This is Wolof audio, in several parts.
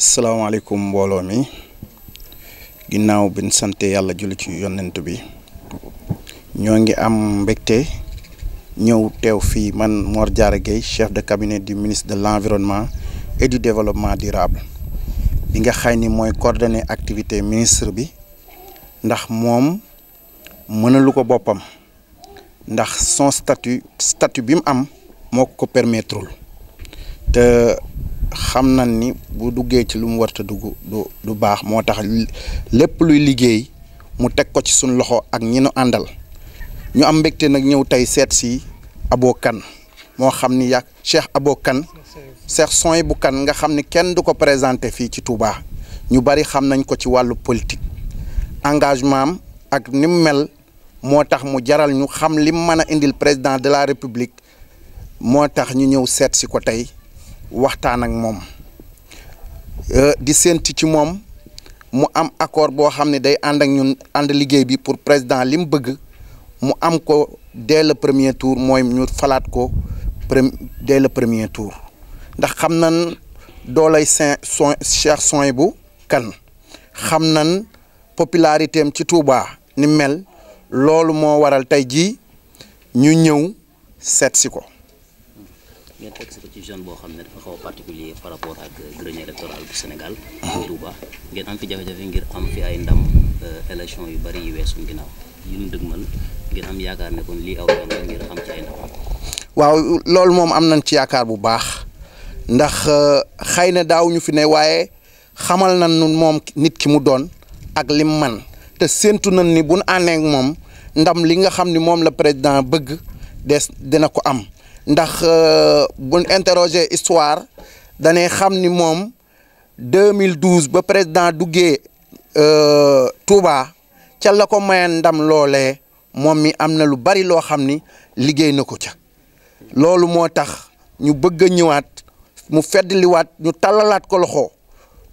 Salam mbolo mi ginnaw bin santé sante yalla julli ci yonent bi ñongi am ñew teew man Mor chef de cabinet du ministre de l'environnement et du développement durable li nga xayni ni activité ministre bi ndax mom mënalu ko bopam. ndax son statut statut bi am moko ko permettrul te xam nañ ni bu duggee ci lu mu warta dugg du baax moo tax lépp luy liggéey mu teg ko ci suñ loxo ak ñi nu àndal ñu am mbégte nag ñëw tey seet si abokan moo xam ni yàgg Cheikh abokan Kane Cheikh Sohaibou bu kan nga xam ni kenn du ko présenté fii ci Touba ñu bari xam nañ ko ci wàllu politique engagement am ak ni mu mel moo tax mu jaral ñu xam lim mën a indil président de la république moo tax ñu ñëw seet si ko tey waxtaan ak moom euh, di sénti ci moom mu am accord boo xam ne day ànd ak ñun ànd liggéey bi pour président li mu bëgg mu am ko dès le premier tour mooy ñu falaat ko prem dès le premier tour ndax xam nan doolay Saint son Cheikh bu Kane xam nan popularité am ci Touba ni mel loolu moo waral tey jii ñu ñëw seet si ko ngeen fekk si ko ci jeune boo xam ne dafa xaw a particulier par rapport ak grenier électoral bu Sénégal. Ah. Touba ngeen am fi jafe-jafe ngir am fi ay ndam euh, élection yu bari yu weesu ginnaaw yi ñu dëgmal ngeen am yaakaar ne kon lii aw loolu moom am nañ ci yaakaar bu baax ndax euh, xëy na daaw ñu fi ne waaye xamal na nun moom nit ki mu doon ak lim man te séentu nañ ni bu nu àndee moom ndam li nga xam ni moom la président bëgg des dina ko am. ndax euh, buñ interroger histoire danay xam ni moom 2012 ba président duggee euh, Touba ca la ko mayan ndam loolee moom mi am na lu bari loo xam ni liggéey na ko ca loolu moo tax ñu bëgg a ñëwaat mu feddliwaat ñu tallalaat ko loxo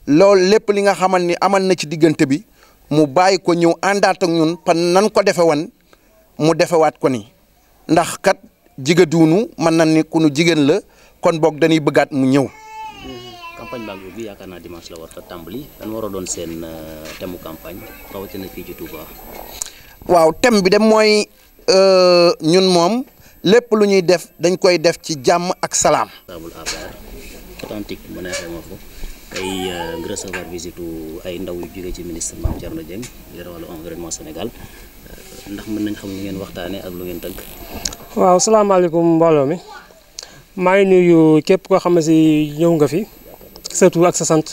loolu lépp li nga xamante ni amal na ci diggante bi mu bàyyi ko ñëw àndaat ak ñun pan ko defe woon mu defewaat ko ni ndax kat jige duunu man na ni kunu jigen la kon bok dañuy bëggat mu ñëw. campagne baa bi ubbi dimanche la war a tambali dañ waro a doon seen euh, thème mu campagne rawatina fii ci Touba. waaw tem bi dem moy euh ñun mom lepp lu ñuy def dañ koy def ci jamm ak salam authentique bu neexee ma ko tey euh, nga recevoir visite ay ndaw yu jige ci ministre mam jarno jeng yore wàllu environnement senegal euh, ndax mën nañ xam lu ngeen waxtane ak lu ngeen teug waaw salaamaaleykum mbooloo mi maa ngi nuyu képp koo xam si ñëw nga fi sa ak sa sant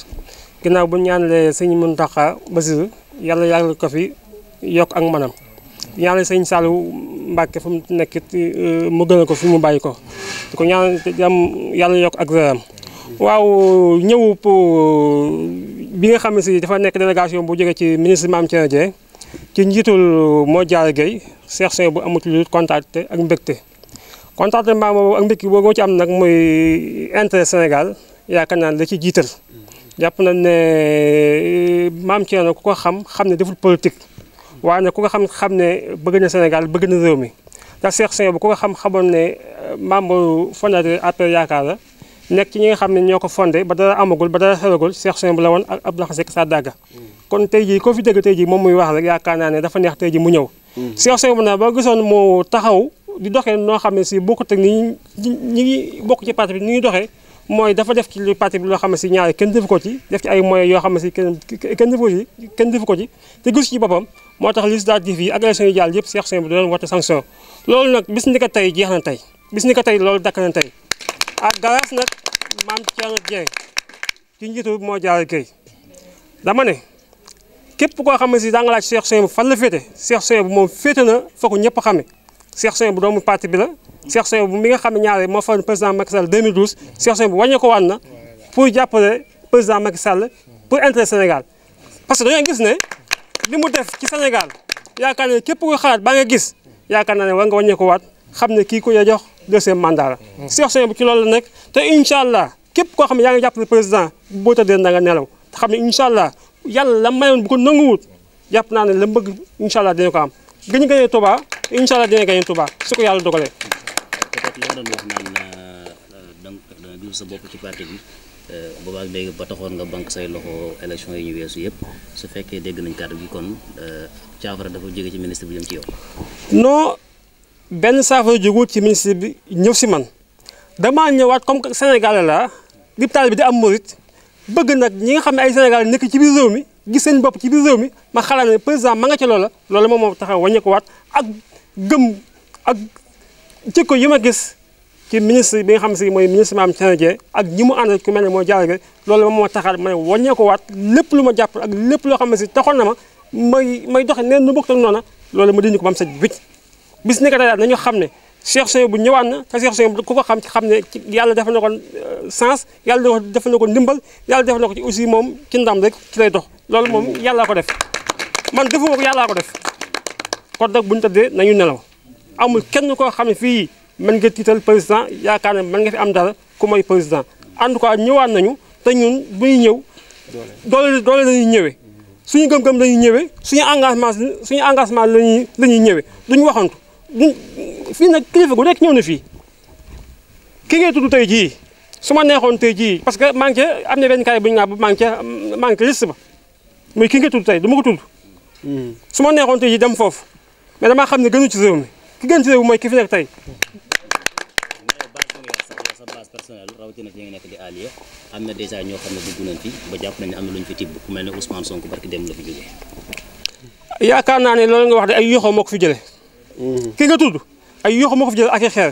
ginnaaw bu ñu ñaanalee sëñ tax Bassirou yàlla yàggal ko fi yokk ak manam ñaanal sëñ Saliou Mbacke fu mu nekk it euh, mu gënal ko fi mu bàyyi ko di ko ñaanal yàlla yokk ak reeram waaw ñëw euh, bi nga xam ne si dafa nekk délégation bu jóge ci ministre ci Thierno Dieng ci njiitul moo jaar Guèye Cheikh Seye bu amatul lu contacté ak mbégte contentement boobu ak mbégte boobu ci am nag mooy intérêt Sénégal yaakaar naa la ci jiital jàpp nañ ne euh, maam Thierno ku ko xam xam ne deful politique waaye nag ku ko xam xam ne bëgg na Sénégal bëgg na réew mi ndax Cheikh Seye bu ku ko xam xamoon ne euh, membre fondateur APR yaakaar la. nekk ci ñi nga xam ne ñoo ko fondé ba dara amagul ba dara xewagul Cheikh Souhaïbou la woon ak Abdou Lahad Seck Sadaga mm. kon jii koo fi dégg tey jii moom muy wax rek yaakaar ne dafa neex tey jii mu ñëw mm. Cheikh Souhaïbou nag noo xam ne si bokkut ak ni ñi ngi bokk ci bi ni ñuy doxee mooy dafa def ci lu bi loo xam ne si ñaari kenn defu ko ci def ci yoo xam ne si kenn kenn kenn defu ko ci te gis ci boppam moo tax législative yi ak élection yi jàll yëpp Cheikh Souhaïbou doon woote sanction loolu nag bis ni ko tey jeex na tey bis ni ko tey loolu dakk na tey ak garage nag maam Thierno Dieng ci njiitu moo jaar kay dama ne képp koo xam ne si daa nga laaj Cheikh Souhaïbou fan la féete Cheikh Souhaïbou moom féete na fa ko ñëpp xame Cheikh Souhaïbou doomu parti bi la Cheikh Souhaïbou mi nga xam ne ñaare moo faroon président Macky Sall 2012 Cheikh Souhaïbou wàññi ko waan na pour jàppale président Macky Sall pour intérêt Sénégal parce que dañoo gis ne li mu def ci Sénégal yaakaar ne képp ko xalaat baa nga gis yaakaar naa ne war nga wàññeekuwaat xam ne kii ku jox deuxième mandat la. Mm. Cheikh Souhaibou bi ci loolu la nekk te incha allah képp koo xam ne yaa ngi jàppale président boo tëddee na nga nelaw te xam ne incha allah yàlla la mayoon bu ko nanguwut jàpp naa ne la bëgg incha allah dina ko am gën a gënee Touba incha allah dina gënee Touba su ko yàlla dogalee. peut-être euh, euh, euh, sa bopp ci parti bi boobaag léegi ba taxoon nga banque say loxo élection yi ñu weesu yëpp su fekkee dégg nañ kàddu gi kon caafara dafa jóge ci ministre bi jëm ci yow. benn saafara jógul ci ministre bi ñëw si man damaa ñëwaat comme que Sénégal la di taal bi di am murit bëgg nag ñi nga xam ne ay Sénégal nekk ci biir réew mi gis seen bopp ci biir réew mi ma xalaat ne président ma nga ci loola loolu moom moo taxaw wàññi ko waat ak gëm ak jikko yi ma gis ci ministre bi nga xam si mooy ministre Mame Thierno Dieng ñi mu ànd ku mooy Diarra Gueye moo taxaat ma ne wàññi ko waat lépp lu ma jàpp ak lépp loo xam ne si taxoon na ma may may doxe neen nu bokk tak noona loolu ma dindi ko ba mu set wicc bis ni ko nañu xam ne Cheikh Souhaïbou bu ñëwaan na te Cheikh Souhaïbou ku ko xam xam ne yàlla def na ko euh, sens yàlla def na ko ndimbal yàlla def na ko ci aussi moom ci ndam rek ci lay dox loolu moom yàllaa ko def man defuma ko yàllaa ko def ko nag bu ñu tëddee nañu nelaw amul kenn koo xam fii mën nga tiital président yaakaar ne mën nga fi am dara ku mooy président en tout cas ñëwaat nañu te ñun bu ñëw doole doole lañuy ñëwee suñu gëm-gëm lañuy ñëwee suñu engagement suñu engagement lañuy la ñuy ñëwee duñu waxantu fii nag kilifa gu nekk ñëw na fii ki ngee tudd tey jii su ma neexoon tey jii parce que maa ngi ca am na benn kaay bu ñu naan maa ngi ca maa ngi ca liste ba nga tudd tey dama ko hmm. su ma neexoon tey jii dem foofu mais damaa xam ne gënu ci réew ki gën ci réew mi mooy ki fi nekk tey. personnel rawatina fi nekk di allié am na ñoo xam ne dugg nañ fi ba jàpp nañ am na lu ñu fi mel ne Ousmane Sonko barki dem la yaakaar naa ne loolu nga wax de ay yoxoo moo ko fi jëlee. ki nga tudd ay yoo xam moo ko fi jël ak ay xeer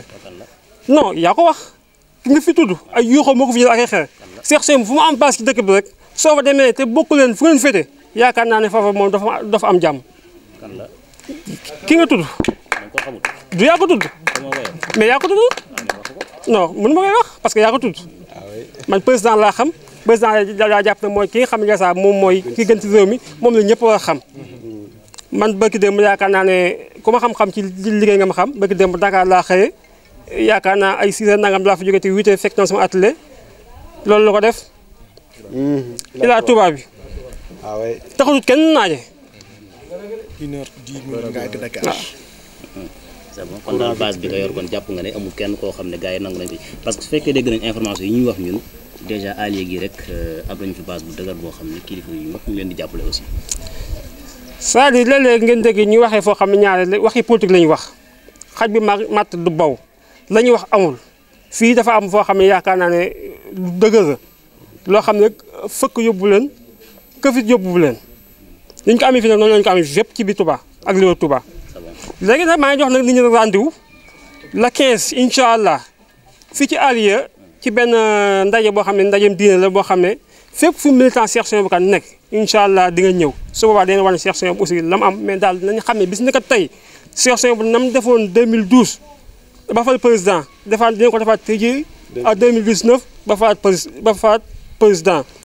non yaa ko wax ki nga fi tudd ay yoo moo ko fi jël ak ay xeer Cheikh Souhaïbou fu mu am place ci dëkk bi rek soo fa demee te bokk leen fu ngeen féete yaakaar naa ne foofa moom dafa dafa am jàmm nga tudd du yaa ko tudd mais yaa ko tudd non mën parce que yaa ko tudd man président laa xam président laa jàpp ne mooy ki nga xam ne moom mooy ki gën ci moom la ñëpp war a xam man bëkk dem yaakaar naa ne ku ma xam-xam ci liggéey nga ma xam bëkk dem Dakar laa xëye yaakaar naa ay 6 heures nangam laa fa jógee te 8 heures fekk naa sama atelier loolu la ko def mm-hmm. ilaa tuba bi ah taxutut kenn naaje une heure dix minutes nga ak Dakar ah. c'est bon kon daal base bi nga yor kon jàpp nga ne amul kenn koo xam ne gars yi nangu nañ ko parce que su fekkee dégg nañ information yi ñuy wax ñun déjà allié gi rek euh, am nañu fi base bu dëgër boo xam ne kilifa ñu leen di jàppale aussi c'est-à-dire léeg-léeg ngeen dégg ñu waxee foo xam ne ñaare waxi politique la ñu wax xaj bi ma matt du baw la ñuy wax amul fii dafa am foo xam ne yaakaar naa ne dëgër la loo xam ne fëkk yóbbu leen këfit yóbbu leen ni ko amee fi nag noonu la ñu ko amee yëpp ci biir Touba ak li wër Touba. nag maa ngi jox nag nit ñi rendez-vous la 15 incha allah fii ci Alieu ci benn euh, ndaje boo xam ne ndajeem diine la boo xam ne fépp fu militant Cheikh Souhaïbou Kane nekk. incha allah di nga ñëw su boobaa dinañ wane Cheikh Souhaïbou aussi la am mais daal dinañ xam ne bis ni ko tey Cheikh Souhaïbou nam defoon 2012 ba fal président defaat dinañ ko defaat tey jii à 2019 ba faat ba faat président